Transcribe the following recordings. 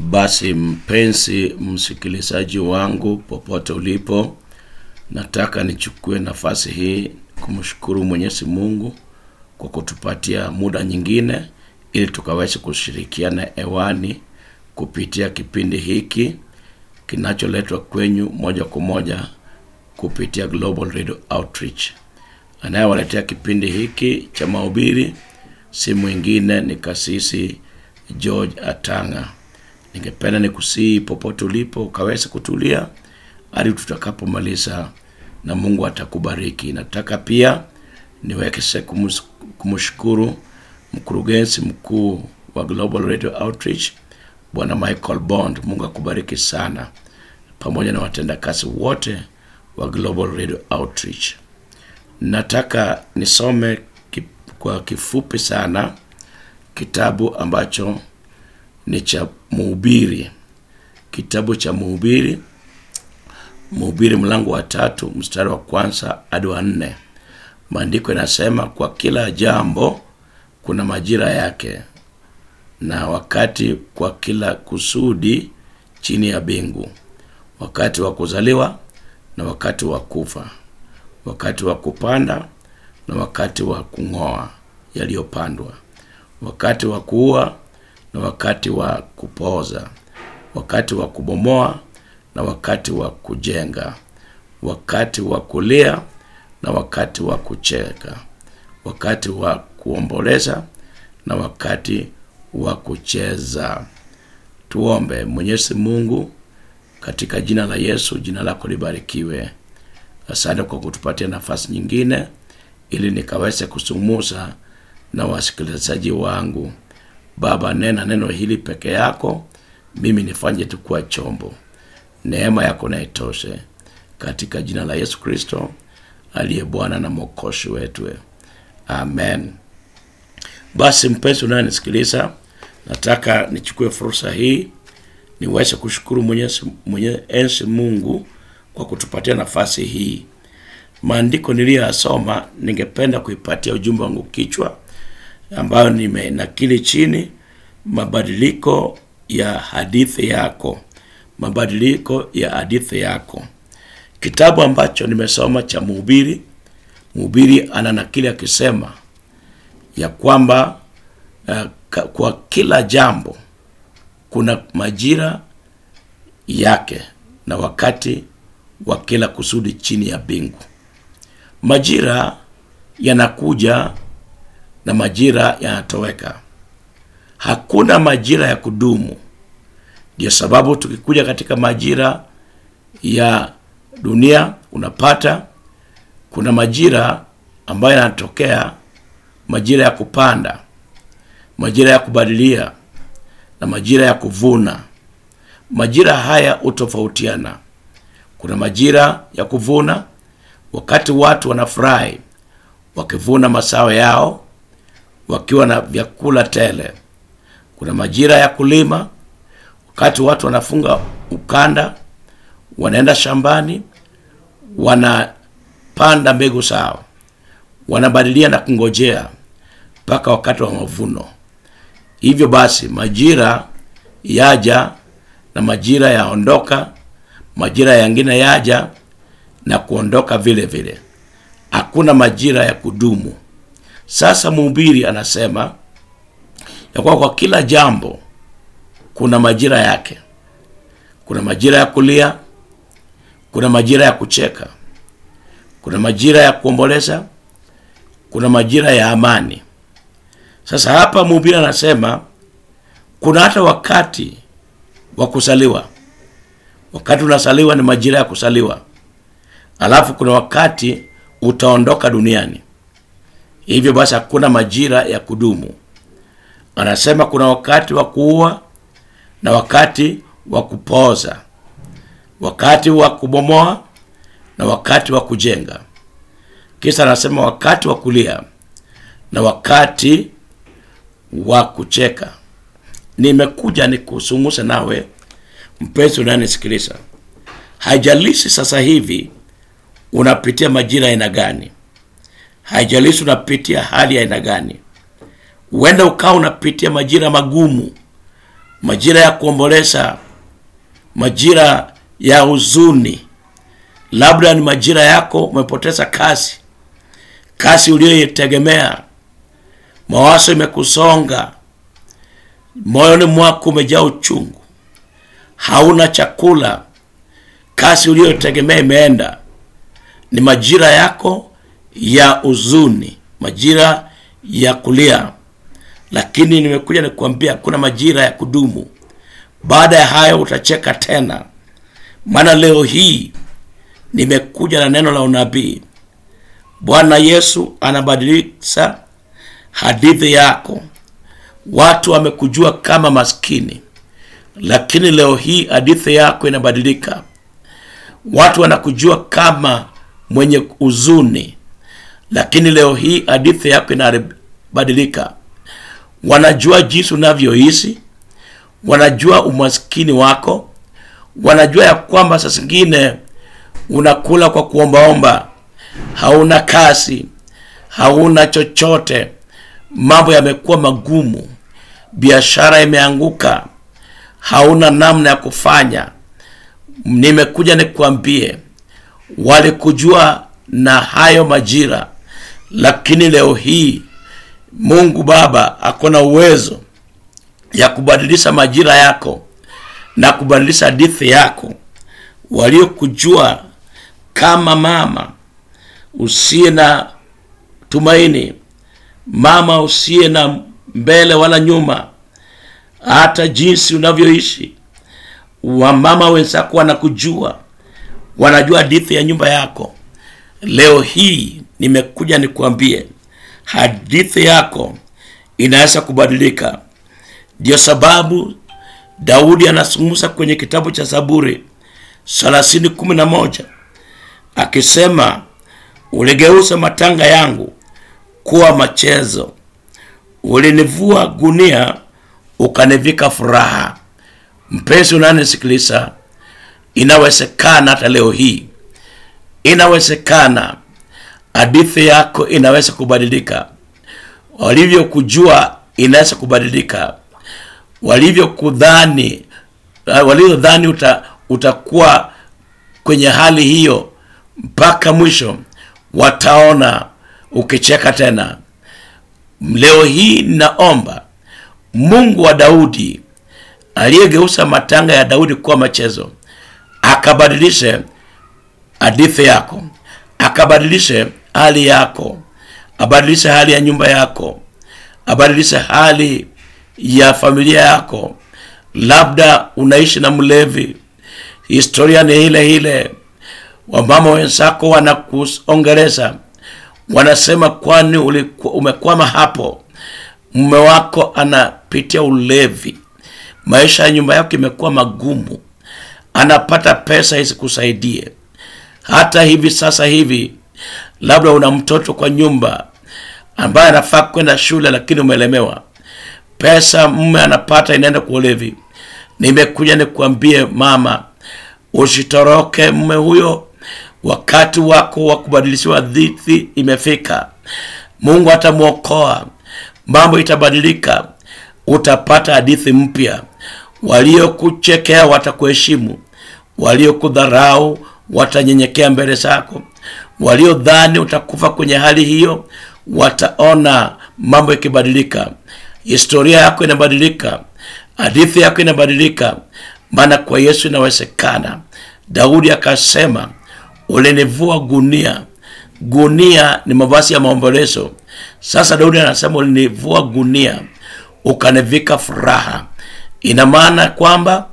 Basi mpenzi msikilizaji wangu, popote ulipo, nataka nichukue nafasi hii kumshukuru Mwenyezi Mungu kwa kutupatia muda nyingine ili tukaweze kushirikiana hewani kupitia kipindi hiki kinacholetwa kwenyu moja kwa moja kupitia Global Radio Outreach. Anayewaletea kipindi hiki cha mahubiri si mwingine ni kasisi George Atanga. Ningependa nikusii popote ulipo ukaweza kutulia hadi tutakapomaliza, na Mungu atakubariki. Nataka pia niwekese kumshukuru mkurugenzi mkuu wa Global Radio Outreach Bwana Michael Bond. Mungu akubariki sana, pamoja na watendakazi wote wa Global Radio Outreach. Nataka nisome kwa kifupi sana kitabu ambacho ni cha Mhubiri, kitabu cha Mhubiri, Mhubiri mlango wa tatu mstari wa kwanza hadi wa nne. Maandiko yanasema kwa kila jambo kuna majira yake na wakati kwa kila kusudi chini ya bingu, wakati wa kuzaliwa na wakati wa kufa, wakati wa kupanda na wakati wa kung'oa yaliyopandwa wakati wa kuua na wakati wa kupoza, wakati wa kubomoa na wakati wa kujenga, wakati wa kulia na wakati wa kucheka, wakati wa kuomboleza na wakati wa kucheza. Tuombe. Mwenyezi Mungu, katika jina la Yesu, jina lako libarikiwe. Asante kwa kutupatia nafasi nyingine ili nikaweze kusumuza na wasikilizaji wangu. Baba, nena neno hili peke yako, mimi nifanye tu kuwa chombo. Neema yako naitoshe, katika jina la Yesu Kristo aliye Bwana na mokoshi wetu, amen. Basi mpenzi unayenisikiliza, nataka nichukue fursa hii niweze kushukuru Mwenyezi Mungu kwa kutupatia nafasi hii. Maandiko niliyoyasoma, ningependa kuipatia ujumbe wangu kichwa ambayo nimenakili chini, mabadiliko ya hadithi yako, mabadiliko ya hadithi yako, kitabu ambacho nimesoma cha Mhubiri. Mhubiri ana nakili akisema ya kwamba uh, kwa kila jambo kuna majira yake na wakati wa kila kusudi chini ya bingu Majira yanakuja na majira yanatoweka. Hakuna majira ya kudumu. Ndio sababu tukikuja katika majira ya dunia, unapata kuna majira ambayo yanatokea, majira ya kupanda, majira ya kubadilia na majira ya kuvuna. Majira haya hutofautiana. Kuna majira ya kuvuna, wakati watu wanafurahi wakivuna mazao yao wakiwa na vyakula tele. Kuna majira ya kulima, wakati watu wanafunga ukanda, wanaenda shambani, wanapanda mbegu sawa, wanabadilia na kungojea mpaka wakati wa mavuno. Hivyo basi majira yaja na majira yaondoka, majira yangine yaja na kuondoka vile vile. Hakuna majira ya kudumu. Sasa mhubiri anasema ya kuwa kwa kila jambo kuna majira yake. Kuna majira ya kulia, kuna majira ya kucheka, kuna majira ya kuomboleza, kuna majira ya amani. Sasa hapa mhubiri anasema kuna hata wakati wa kusaliwa. Wakati unasaliwa ni majira ya kusaliwa, alafu kuna wakati utaondoka duniani. Hivyo basi hakuna majira ya kudumu. Anasema kuna wakati wa kuua na wakati wa kupoza wakati wa kubomoa na wakati wa kujenga. kisa anasema wakati wa kulia na wakati wa kucheka. Nimekuja nikusunguse nawe mpenzi unayenisikiliza, haijalishi sasa hivi unapitia majira aina gani haijalishi unapitia hali ya aina gani. Huenda ukawa unapitia majira magumu, majira ya kuombolesa majira ya huzuni, labda ni majira yako, umepoteza kazi, kazi uliyoitegemea, mawazo imekusonga, moyoni mwako umejaa uchungu, hauna chakula, kazi uliyotegemea imeenda. Ni majira yako ya uzuni majira ya kulia, lakini nimekuja nikuambia kuna majira ya kudumu. Baada ya hayo utacheka tena, maana leo hii nimekuja na neno la unabii. Bwana Yesu anabadilisha hadithi yako. Watu wamekujua kama maskini, lakini leo hii hadithi yako inabadilika. Watu wanakujua kama mwenye huzuni, lakini leo hii hadithi yako inabadilika. Wanajua jinsi unavyohisi, wanajua umaskini wako, wanajua ya kwamba saa zingine unakula kwa kuombaomba, hauna kasi hauna chochote, mambo yamekuwa magumu, biashara imeanguka, hauna namna ya kufanya. Nimekuja nikuambie, walikujua na hayo majira lakini leo hii Mungu Baba ako na uwezo ya kubadilisha majira yako na kubadilisha hadithi yako. Waliokujua kama mama usiye na tumaini, mama usiye na mbele wala nyuma, hata jinsi unavyoishi, wamama wenzako wanakujua, wanajua hadithi ya nyumba yako. Leo hii nimekuja nikuambie hadithi yako inaweza kubadilika. ndio sababu Daudi anazungumza kwenye kitabu cha Zaburi 30:11 akisema, uligeuza matanga yangu kuwa machezo, ulinivua gunia ukanivika furaha. Mpenzi unanisikiliza, inawezekana hata leo hii, inawezekana hadithi yako inaweza kubadilika, walivyokujua inaweza kubadilika, walivyokudhani eh, walivyodhani uta, utakuwa kwenye hali hiyo mpaka mwisho, wataona ukicheka tena. Leo hii naomba Mungu wa Daudi aliyegeusa matanga ya Daudi kuwa machezo akabadilishe hadithi yako, akabadilishe hali yako, abadilishe hali ya nyumba yako, abadilishe hali ya familia yako. Labda unaishi na mlevi, historia ni ile ile, wamama wenzako wanakuongeleza, wanasema kwani ulikuwa umekwama hapo. Mume wako anapitia ulevi, maisha ya nyumba yako imekuwa magumu, anapata pesa isikusaidie. Hata hivi sasa hivi labda una mtoto kwa nyumba ambaye anafaa kwenda shule lakini umelemewa, pesa mume anapata inaenda kwa ulevi. Nimekuja nikuambie mama, usitoroke mume huyo. Wakati wako wa kubadilishiwa dhiti imefika. Mungu atamwokoa, mambo itabadilika, utapata hadithi mpya. Waliokuchekea watakuheshimu, waliokudharau watanyenyekea mbele zako. Waliodhani utakufa kwenye hali hiyo wataona mambo yakibadilika. Historia yako inabadilika, hadithi yako inabadilika, maana kwa Yesu inawezekana. Daudi akasema, ulinivua gunia. Gunia ni mavazi ya maombolezo. Sasa Daudi anasema ulinivua gunia ukanivika furaha. Ina maana kwamba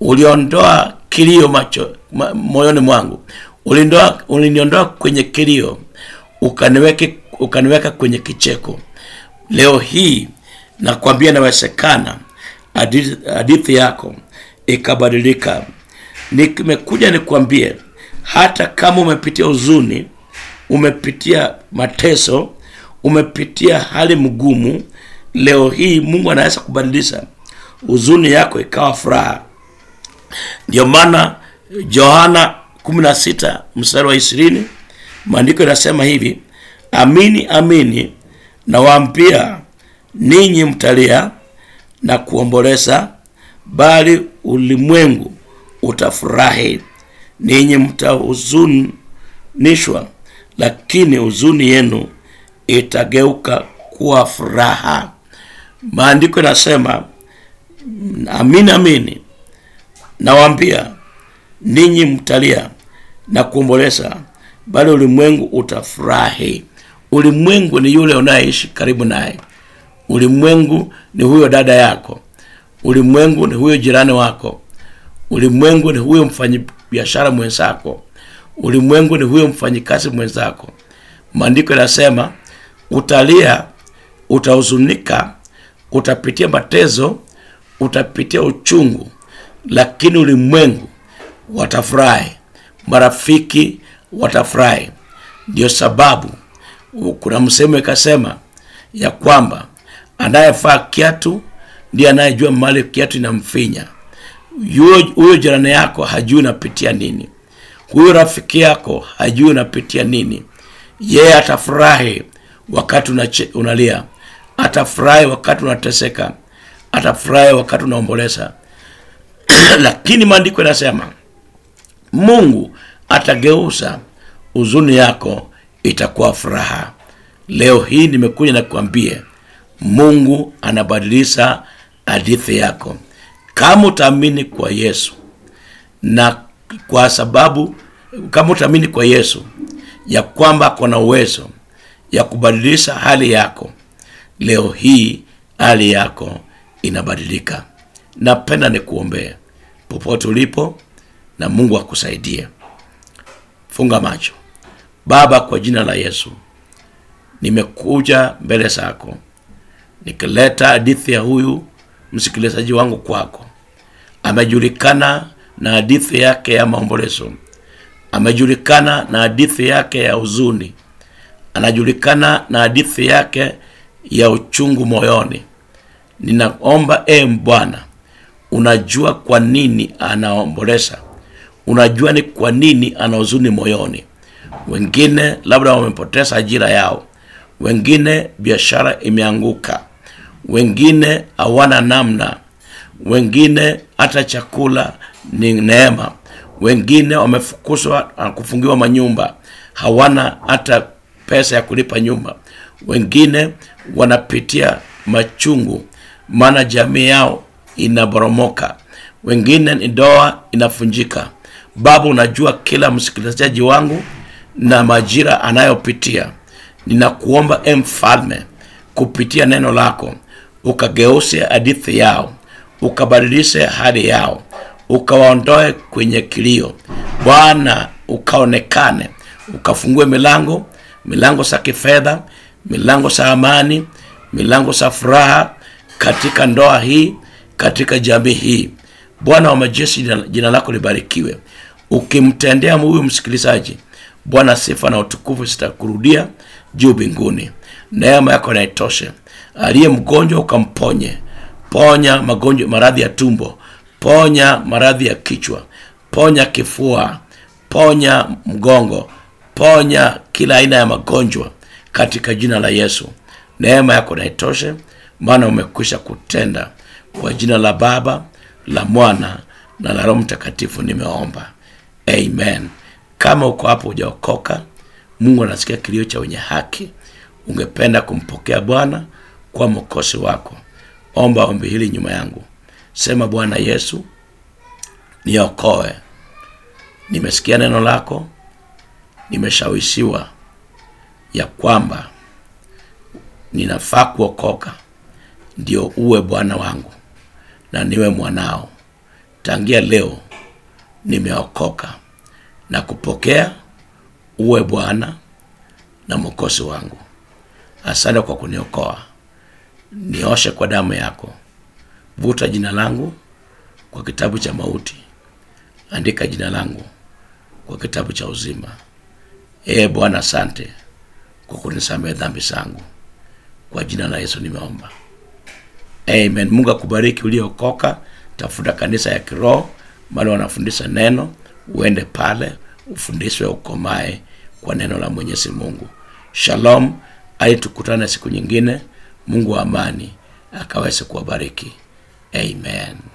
uliondoa kilio macho ma, moyoni mwangu Uliniondoa, kwenye kilio ukaniweke, ukaniweka kwenye kicheko. Leo hii nakwambia inawezekana hadithi yako ikabadilika. Nimekuja nikwambie, hata kama umepitia huzuni, umepitia mateso, umepitia hali mgumu, leo hii Mungu anaweza kubadilisha huzuni yako ikawa furaha. Ndio maana Yohana 16 mstari wa ishirini maandiko yanasema hivi, amini amini nawaambia ninyi mtalia na kuomboleza, bali ulimwengu utafurahi. Ninyi mtahuzunishwa, lakini huzuni yenu itageuka kuwa furaha. Maandiko yanasema amini amini nawaambia ninyi mtalia na kuomboleza, bali ulimwengu utafurahi. Ulimwengu ni yule unayeishi karibu naye. Ulimwengu ni huyo dada yako. Ulimwengu ni huyo jirani wako. Ulimwengu ni huyo mfanyabiashara mwenzako. Ulimwengu ni huyo mfanyikazi mwenzako. Maandiko yanasema utalia, utahuzunika, utapitia matezo utapitia uchungu, lakini ulimwengu watafurahi, marafiki watafurahi. Ndio sababu kuna msemo ikasema ya kwamba anayefaa kiatu ndiye anayejua mali kiatu inamfinya. Huyo jirani yako hajui unapitia nini, huyo rafiki yako hajui unapitia nini. Yeye atafurahi wakati unalia, atafurahi wakati unateseka, atafurahi wakati unaomboleza. Lakini maandiko yanasema Mungu atageuza huzuni yako itakuwa furaha. Leo hii nimekuja na kuambie, Mungu anabadilisha hadithi yako kama utaamini kwa Yesu, na kwa sababu kama utaamini kwa Yesu ya kwamba kuna uwezo ya kubadilisha hali yako leo hii, hali yako inabadilika. Napenda nikuombee popote ulipo na Mungu akusaidie. Funga macho. Baba, kwa jina la Yesu, nimekuja mbele zako nikileta hadithi ya huyu msikilizaji wangu kwako. Amejulikana na hadithi yake ya maombolezo, amejulikana na hadithi yake ya huzuni, anajulikana na hadithi yake ya uchungu moyoni. Ninaomba e Bwana, unajua kwa nini anaomboleza unajua ni kwa nini ana huzuni moyoni. Wengine labda wamepoteza ajira yao, wengine biashara imeanguka, wengine hawana namna, wengine hata chakula ni neema, wengine wamefukuzwa kufungiwa manyumba, hawana hata pesa ya kulipa nyumba, wengine wanapitia machungu, maana jamii yao inaboromoka, wengine ni ndoa inafunjika Baba, unajua kila msikilizaji wangu na majira anayopitia. Ninakuomba e Mfalme, kupitia neno lako ukageuse hadithi yao, ukabadilishe hali yao, ukawaondoe kwenye kilio. Bwana, ukaonekane, ukafungue milango, milango za kifedha, milango za amani, milango za furaha katika ndoa hii, katika jamii hii Bwana wa majeshi, jina lako libarikiwe. Ukimtendea huyu msikilizaji, Bwana, sifa na utukufu zitakurudia juu mbinguni. Neema yako na Aliye mgonjwa ukamponye, ponya magonjwa, maradhi ya tumbo, ponya maradhi ya kichwa, ponya kifua, ponya mgongo, ponya kila aina ya magonjwa katika jina la Yesu. Neema yako na maana umekwisha kutenda. Kwa jina la Baba la Mwana na la Roho Mtakatifu nimeomba. Amen. Kama uko hapo hujaokoka, Mungu anasikia kilio cha wenye haki, ungependa kumpokea Bwana kwa mwokozi wako, omba ombi hili nyuma yangu. Sema, Bwana Yesu, niokoe. Nimesikia neno lako, nimeshawishiwa ya kwamba ninafaa kuokoka, ndio uwe Bwana wangu na niwe mwanao. Tangia leo nimeokoka na kupokea, uwe Bwana na mwokozi wangu. Asante kwa kuniokoa, nioshe kwa damu yako, vuta jina langu kwa kitabu cha mauti, andika jina langu kwa kitabu cha uzima. Ee Bwana, asante kwa kunisamehe dhambi zangu. Kwa jina la Yesu nimeomba. Amen. Mungu akubariki uliokoka. Tafuta kanisa ya kiroho mahali wanafundisha neno, uende pale ufundishwe, ukomae kwa neno la Mwenyezi Mungu. Shalom, hadi tukutane siku nyingine. Mungu wa amani akaweze kuwabariki. Amen.